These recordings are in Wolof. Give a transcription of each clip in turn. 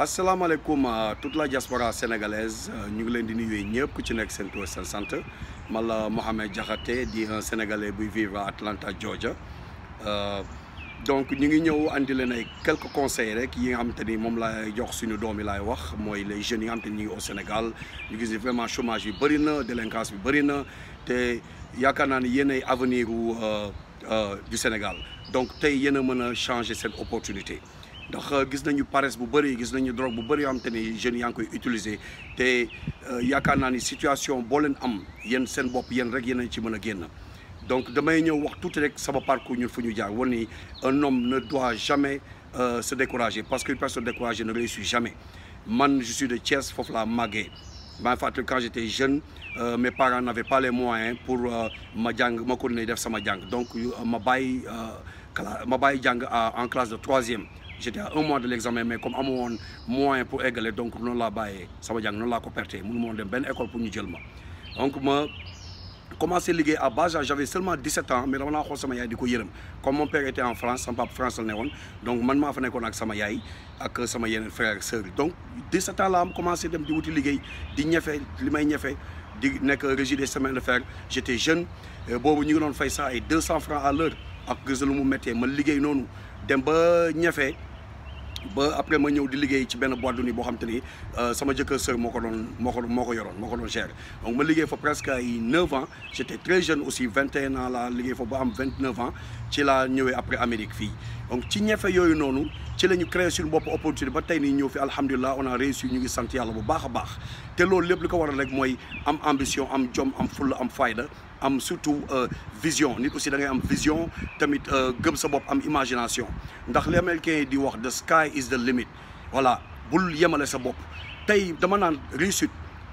Assalamu à euh, toute la diaspora sénégalaise euh, ñu ngi leen di nuyu ñëpp ku ci nekk seen tur seen sant Mohamed Diakhaté di un sénégalais qui vit à Atlanta Georgia euh, donc nous ngi ñëw andi leen quelques conseils rek yi nga xam te ni moom laay jox suñu doom yi wax les jeunes yi sont au Sénégal ñu gis vraiment chômage bi bëri na délinquance et bëri na te yaakaar naa ne yéen avenir du Sénégal donc tey yéen a changer cette opportunité ndax euh, gis nañu paresse bu bëri gis nañu drogue bu bëri yoo xam jeunes yaa ngi koy utiliser te euh, yaakaar ni situation boo leen am yéen seen bopp yéen rek yéen ci mën a donc damay ñëw wax tout rek sama parcours ñun fu ñu jaar un homme ne doit jamais euh, se décourager parce qu'une personne découragée ne réussit jamais man je suis de Thiès foofu laa màggee maa ngi quand j'étais jeune mes parents n'avaient pas les moyens pour ma jàng ma continuer def sama donc ma bàyyi ma bàyyi en classe de troisième j'étais à un mois de l'examen mais comme amu woon moyen pour égaler, donc noonu laa bàyyee sama jàng noonu laa ko perte mënu moon dem benn école pour ñu jël donc ma commencé liguer à bas âge j'avais seulement 17 ans mais dama naa xool sama yaay di ko comme mon père était en France son papa français la donc man maa fa nekkoon ak sama yaay ak sama yeneen frère ak donc 17 ans laa am commencé dem di wuti liggéey di ñefe li may ñefe di nekk régie des semaines de fer j'étais jeune euh, boobu ñu ngi doon fay ça ay 200 francs à l'heure ak gis lu mu méttee ma liggéey noonu dem ba ñefe ba après ma ñëw di liggéey ci benn boîte de nuit boo xam te ni euh, sama jëkkër sœur moo ko doon moo ko moo ko yoroon moo ko doon gérer donc ma liggéey fa presque ay 9 ans j' étais très jeune aussi 21 ans laa liggéey fa ba am 29 ans ci laa ñëwee après Amérique fii donc ci ñefe yooyu noonu. ci lañu ñu créé suñu bopp opportunité ba tay ni ñëw fi alhamdullilah on a réussi ñu ngi sant yalla bu baax a baax te loolu lépp li ko waral rek mooy am ambition am jom am full, am fayda am surtout euh, vision nit aussi da ngay am vision tamit euh, gëm sa bopp am imagination ndax li américain di wax the sky is the limit voilà bul yemale sa bopp tey dama naan réussite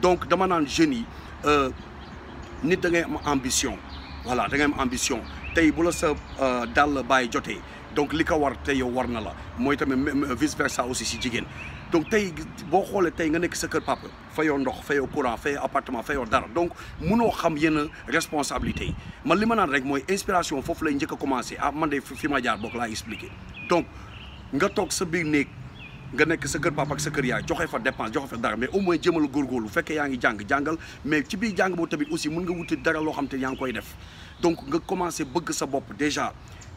donc dama naan jeunes yi euh, nit da ngay ambition voilà da ngay am ambition tey bu la sa euh, dàll bàyyi jotee donc li ko war tey yow war na la mooy euh, vice versa aussi si jigéen donc tey boo xoolee tey nga nekk sa kër papa fayoo ndox fayoo courant fayoo appartement fayoo dar. donc munoo xam yenn responsabilité yi man li ma rek mooy inspiration foofu lay njëkk a commencé ah man de ma jaar boog laa expliqué donc nga toog sa biir néeg nga nekk sa kër papa ak sa kër yaay joxe fa dépense joxe fa dara mais au moins jëmal góorgóorlu fekkee yaa ngi jàng jàngal mais ci biir jàng boobu tamit aussi mën nga wuti dara loo xam te yaa ngi koy def donc nga commencé bëgg sa bopp déjà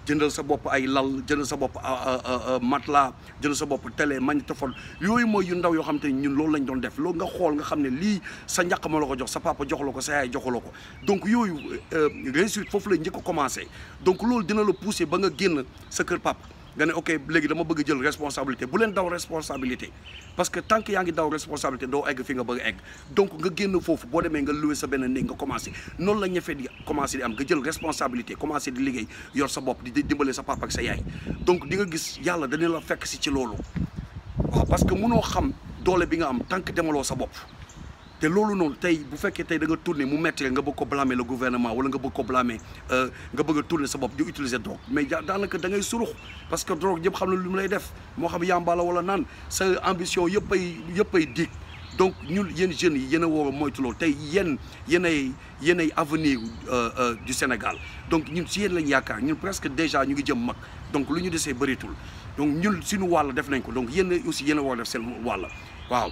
jëndal sa ay lal jëndal sa bopp euh, euh, euh, matelas jëndal sa bopp télé magnétophone yooyu mooy yu ndaw yoo xam te ñun loolu lañ doon def loolu nga xool nga xam ne lii sa njaq ma la ko jox sa papa jox la ko sa yaay ko donc yooyu réussite foofu la njëkk a commencé donc loolu dina la pousser ba nga génn sa kër papa nga ne ok léegi dama bëgg jël responsabilité bu leen daw responsabilité parce que tant que yaa ngi daw responsabilité doo egg fi nga bëgg egg donc nga génn foofu boo demee nga loué sa benn néeg nga commencé noonu la ñefe di commencé di am nga jël responsabilité commencé di liggéey yor sa bopp di dimbale sa papa ak sa yaay donc di nga gis yàlla dana la fekk si ci loolu waaw parce que munoo xam doole bi nga am tant que demaloo sa bopp te loolu non tay bu fekkee tay da nga tourner mu métti nga bëgg ko blâmer le gouvernement wala nga bëgg ko blâmer euh, nga bëgg tourner sa bop di utiliser drogue mais danaka da ngay surux parce que drogue yëpp xam na lu lay def mo xam yamba la wala nan sa ambition yëpp ay dik donc ñun yeen jeune yi yéen a moytu loolu tay yeen yéen ay avenir euh euh du Sénégal donc ñun ci yeen lañ yaakaar ñun presque déjà ñu ngi jëm mak donc lu ñu desee bëritul donc ñun suñu wall def nañ ko donc yeen aussi yéen a def sel wàll waaw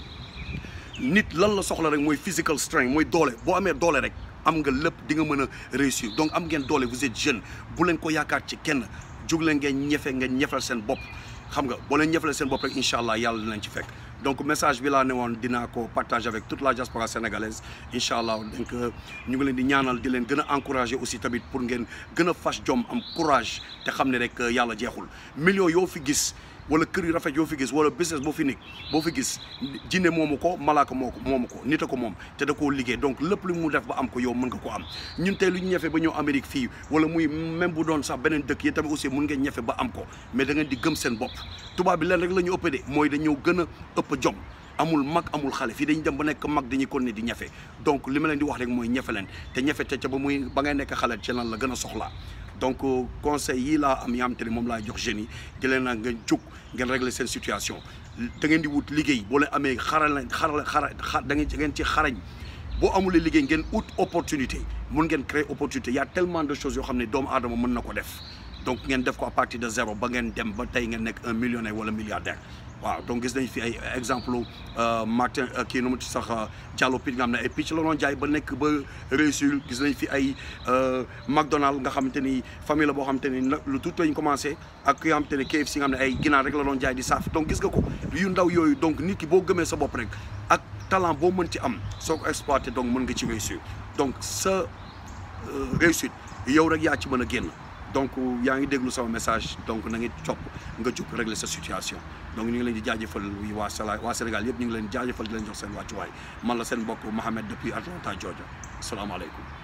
nit lan la soxla rek moy physical strength moy doole bo amé doole rek am nga lepp di nga mën réussir donc am ngeen doole vous êtes jeune bu len ko yaakaar ci kenn jóg leen ngeen ñefe ngeen ñefal sen bop xam nga bo len ñefalee sen bop rek inshallah yalla dinañ ci fekk donc message bi la ne woon dinaa ko partager avec toute la diaspora sénégalaise inshallah donc euh, ñu ngi leen di ñaanal di leen gëna encourager aussi tamit pour ngeen gëna fash jom am courage te xamné rek euh, yalla jéxul million yo fi gis wala kër yu rafet yoo fi gis wala business boo fi nekk boo fi gis jinne moomu ko malaaka moo ko moomu ko nit a ko moom te da koo liggéey donc lépp lu mu def ba am ko yow mën nga ko am ñun tey lu ñu ñefe ba ñëw Amérique fii wala même bu doon sax beneen dëkk yi tamit aussi mun ngeen ñefe ba am ko mais da di gëm seen bopp tubaab bi leen rek lañu ñu ëpp de mooy dañoo gën a ëpp jom amul mag amul xale fii dañu dem ba nekk mag dañuy kon ne di ñafe donc li ma leen di wax rek mooy ñefe te ñefe te ca ba muy ba ngay nekk xale ci la gën a soxlaa donc conseil yii laa am yi am te ne moom jox jeunes yi di leen nag ngeen jóg régler seen situation da ngeen di wut liggéey boo leen amee xaral xaral xara da ngeen ci xarañ boo amulee liggéey ngeen ut opportunité mun ngeen créer opportunité Il y a tellement de choses yoo xam ne doomu aadama mën na ko def donc ngeen def ko à partir de zéro ba ngeen dem ba tey ngeen nekk un millionnaire wala milliardaire waaw donc gis nañ fi ay exemple euh Martin euh, kii nu mu ci sax euh, Diallo Pit nga xam ne ay picc la doon jaay ba nek ba réussir gis nañ fi ay euh McDonald nga xamante ni famille la boo xamante lu tout lañ commencé ak ki nga KFC nga xam ay ginaar rek la doon jaay di saf donc gis nga ko yu ndaw yoyu donc nit ki bo gëmee sa bop rek ak talent bo mën ci am soko ko donc mën nga ci réussir donc sa euh, réussite yow rek ya ci mën a génn donc a ngi déglu sama message donc na nga copp nga jóg régler sa situation donc ñu ngi déjà di le voyage waa Sénégal yëpp ñu ngi leen jaajëfal di leen jox seen wàccuwaay man la seen mbokk Mohamed depuis Atlanta Georgia alaikum.